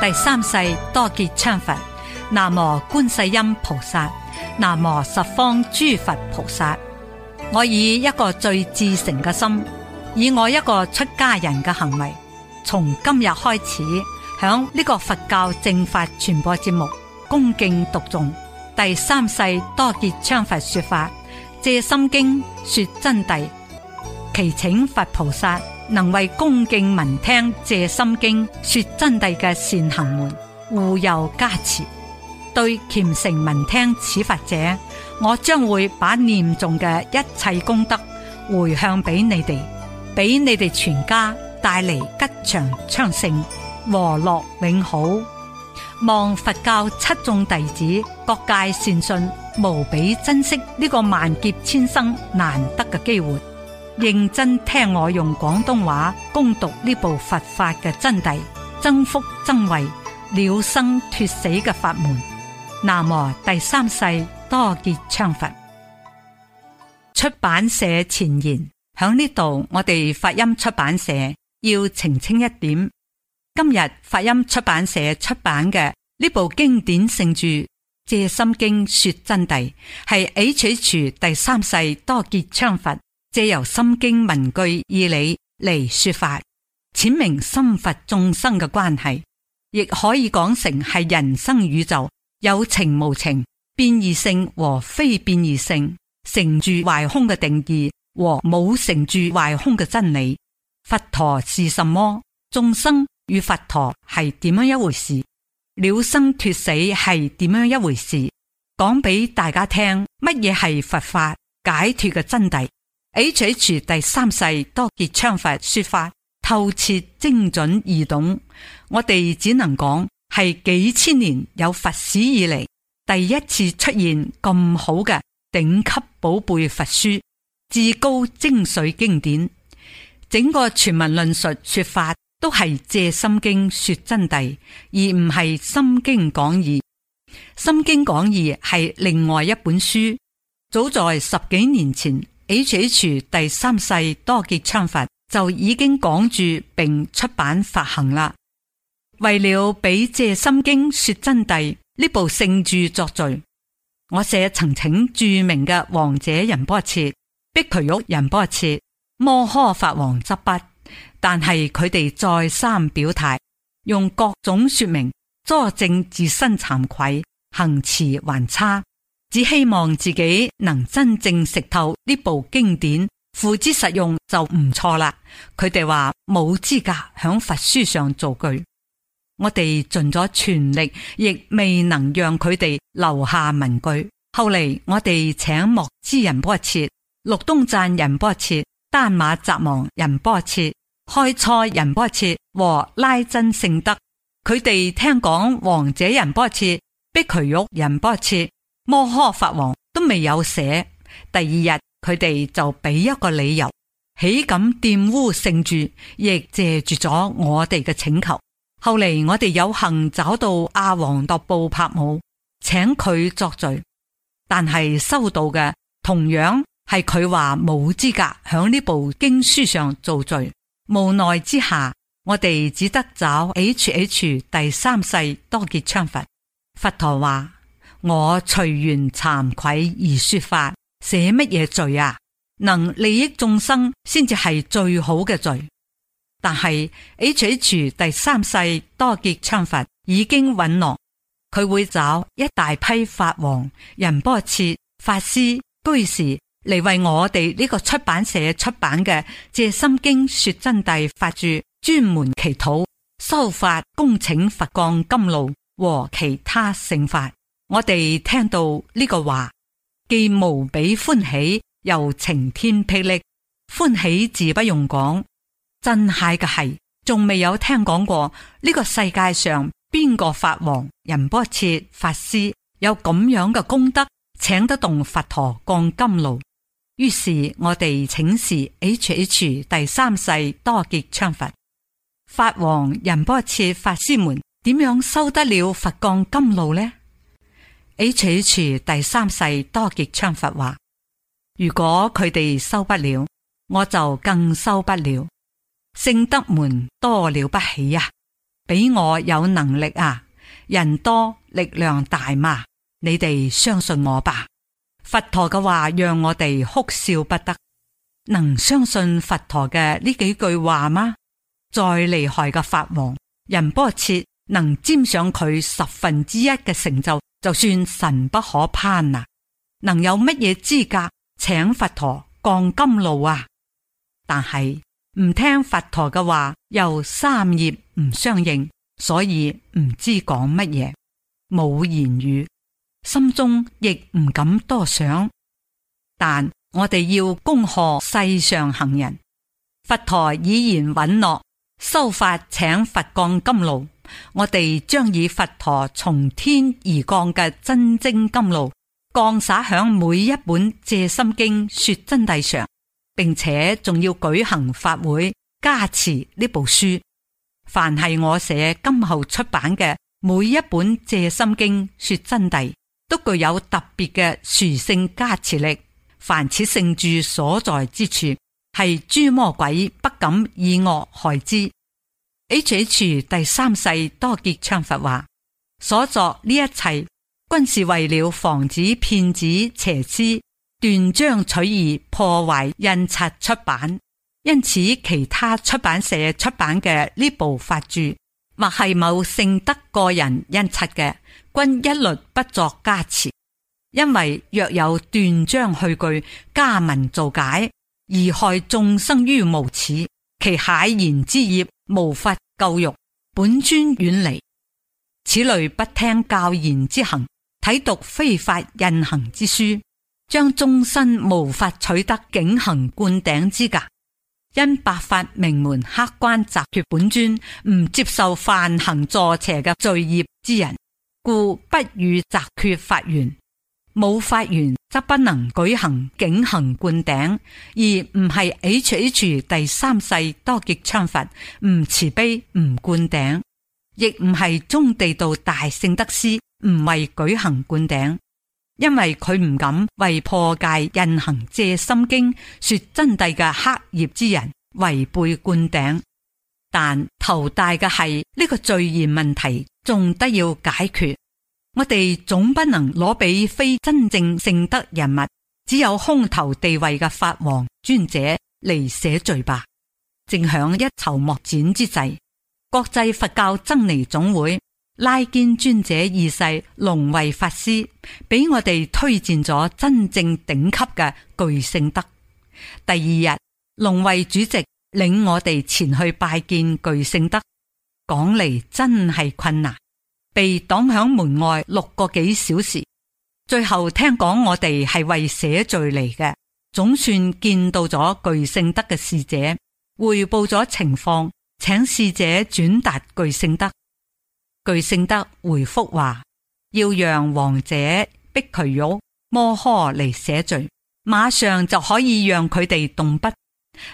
第三世多杰羌佛，南無觀世音菩薩，南無十方諸佛菩薩。我以一個最至誠嘅心，以我一個出家人嘅行為，從今日開始，響呢個佛教正法傳播節目，恭敬讀誦《第三世多杰羌佛》說法，《藉心經》說真諦，祈請佛菩薩。能為恭敬聞聽借心經說真諦嘅善行門護佑加持，對虔誠聞聽此法者，我將會把念誦嘅一切功德回向俾你哋，俾你哋全家帶嚟吉祥昌盛、和樂永好。望佛教七衆弟子各界善信無比珍惜呢個萬劫千生難得嘅機會。認真聽我用廣東話恭讀呢部佛法嘅真諦，增福增慧，了生脱死嘅法門。南無第三世多杰羌佛。出版社前言，響呢度，我哋法音出版社要澄清一點：今日法音出版社出版嘅呢部經典聖著《藉心經》說真諦，係 H.H. 第三世多杰羌佛。借由心經文句義理嚟說法，闡明心佛眾生嘅關係，亦可以講成係人生宇宙有情無情、變異性和非變異性，成住壞空嘅定義和冇成住壞空嘅真理。佛陀是什麼？眾生與佛陀係點樣一回事？了生脱死係點樣一回事？講俾大家聽乜嘢係佛法解脱嘅真諦？H H 第三世多杰羌佛說法透徹精準易懂，我哋只能講係幾千年有佛史以嚟，第一次出現咁好嘅頂級寶貝佛書，至高精髓經典。整個全文論述說法都係借心經說真諦，而唔係心經講義。心經講義係另外一本書，早在十幾年前。《HH 第三世多杰羌佛》就已經講住並出版發行啦。為了俾《借心經說真諦》呢部聖著作序，我寫曾請著名嘅王者仁波切、碧渠玉仁波切、摩訶法王執筆，但係佢哋再三表態，用各種說明佐證自身慚愧，行持還差。只希望自己能真正食透呢部經典，付之實用就唔錯啦。佢哋話冇資格響佛書上造句，我哋盡咗全力，亦未能讓佢哋留下文句。後嚟我哋請莫知仁波切、陸東贊仁波切、丹馬扎忙仁波切、開初仁波切和拉珍聖德，佢哋聽講王者仁波切、碧渠玉仁波切。摩訶法王都未有寫，第二日佢哋就俾一個理由，豈敢玷污聖著，亦謝絕咗我哋嘅請求。後嚟我哋有幸找到阿王諾布帕姆，請佢作序，但係收到嘅同樣係佢話冇資格響呢部經書上作序。無奈之下，我哋只得找 H H 第三世多杰羌佛，佛陀話。我隨緣慚愧而說法，寫乜嘢罪啊？能利益眾生先至係最好嘅罪。但係 H.H. 第三世多杰羌佛已經允諾，佢會找一大批法王、仁波切、法師、居士嚟為我哋呢個出版社出版嘅《藉心經說真諦法住》、《專門祈禱、修法、恭請佛降甘露》和其他聖法。我哋聽到呢個話，既無比歡喜，又晴天霹靂。歡喜自不用講，震駭嘅係仲未有聽講過呢、這個世界上邊個法王、仁波切、法師有咁樣嘅功德，請得動佛陀降甘露？於是我哋請示 H H 第三世多杰羌佛，法王仁波切法師們點樣收得了佛降甘露呢？H.H. 第三世多杰羌佛話：如果佢哋收不了，我就更收不了。聖德門多了不起呀、啊，比我有能力啊，人多力量大嘛。你哋相信我吧。佛陀嘅話讓我哋哭笑不得，能相信佛陀嘅呢幾句話嗎？再厲害嘅法王仁波切，能沾上佢十分之一嘅成就，就算神不可攀啊，能有乜嘢資格請佛陀降甘露啊？但係唔聽佛陀嘅話，又三業唔相應，所以唔知講乜嘢，冇言語，心中亦唔敢多想。但我哋要恭賀世上行人，佛陀已然允諾，修法請佛降甘露。我哋將以佛陀從天而降嘅真正甘露降灑響每一本《借心經說真諦》上，並且仲要舉行法會加持呢部書。凡係我寫今後出版嘅每一本《借心經說真諦》，都具有特別嘅殊勝加持力。凡此聖著所在之處，係諸魔鬼不敢以惡害之。《H H 第三世多杰羌佛話》，所作呢一切，均是為了防止騙子邪知斷章取義破壞印刷出版。因此，其他出版社出版嘅呢部法著，或係某聖德個人印刷嘅，均一律不作加持。因為若有斷章去句、加文造解，而害眾生於無恥，其蟹言之業。無法教育本尊遠離此類不聽教言之行，睇讀非法印行之書，將終身無法取得境行灌頂之格。因百法明門黑關擇決本尊，唔接受犯行助邪嘅罪業之人，故不予擇決法緣。冇法緣則不能舉行警行灌頂，而唔係 H, H H 第三世多杰羌法，唔慈悲唔灌頂，亦唔係中地道大聖德師唔為舉行灌頂，因為佢唔敢為破戒印行借心經說真諦嘅黑業之人違背灌頂。但頭大嘅係呢個罪業問題，仲得要解決。我哋總不能攞俾非真正聖德人物，只有空頭地位嘅法王尊者嚟寫序吧？正響一籌莫展之際，國際佛教僧尼總會拉肩尊者二世龍慧法師，俾我哋推薦咗真正頂級嘅巨聖德。第二日，龍慧主席領我哋前去拜見巨聖德，講嚟真係困難。被擋響門外六個幾小時，最後聽講我哋係為寫序嚟嘅，總算見到咗巨聖德嘅侍者，匯報咗情況，請侍者轉達巨聖德。巨聖德回復話，要讓王者逼佢玉摩訶嚟寫序，馬上就可以讓佢哋動筆，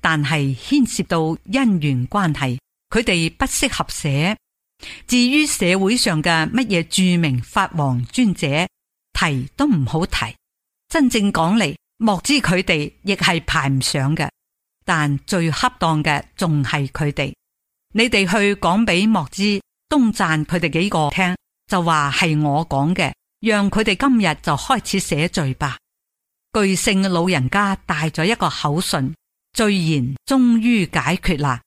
但係牽涉到姻緣關係，佢哋不適合寫。至於社會上嘅乜嘢著名法王尊者，提都唔好提。真正講嚟，莫知佢哋亦係排唔上嘅。但最恰當嘅仲係佢哋。你哋去講俾莫知東贊佢哋幾個聽，就話係我講嘅，讓佢哋今日就開始寫序吧。巨聖老人家帶咗一個口信，序言終於解決啦。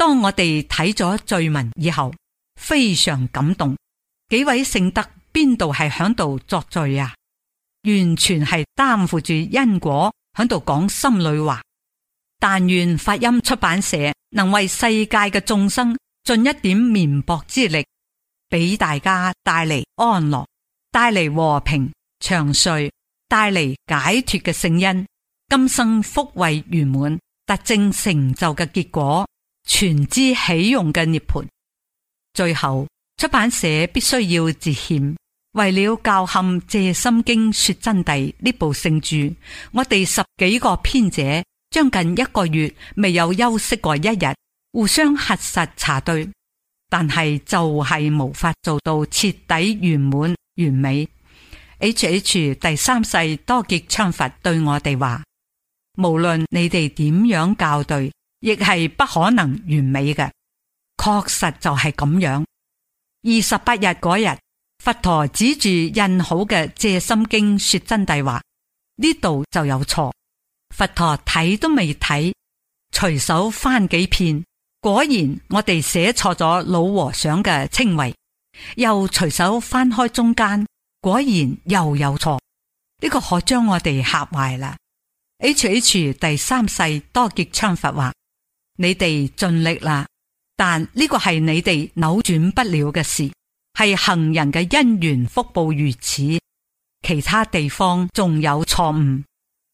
當我哋睇咗序文以後，非常感動。幾位聖德邊度係響度作序啊？完全係擔負住因果響度講心裏話。但願法音出版社能為世界嘅眾生盡一點綿薄之力，俾大家帶嚟安樂，帶嚟和平長睡，帶嚟解脱嘅聖恩。今生福慧圓滿、得證成就嘅結果。全知起用嘅涅盤，最後出版社必須要致歉。為了教陷《藉心經說真諦》呢部聖著，我哋十幾個編者將近一個月未有休息過一日，互相核實查對，但係就係無法做到徹底圓滿完美。H H 第三世多杰羌佛對我哋話：無論你哋點樣校對。亦係不可能完美嘅，確實就係咁樣。二十八日嗰日，佛陀指住印好嘅《藉心經》說真諦話呢度就有錯。佛陀睇都未睇，隨手翻幾遍。果然我哋寫錯咗老和尚嘅稱謂。又隨手翻開中間，果然又有錯。呢個可將我哋嚇壞啦！H H 第三世多杰羌佛話。你哋盡力啦，但呢個係你哋扭轉不了嘅事，係行人嘅因緣福報如此。其他地方仲有錯誤，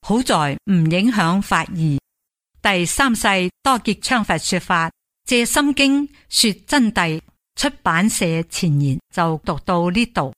好在唔影響法義。第三世多杰羌佛說法，借心經說真諦。出版社前言就讀到呢度。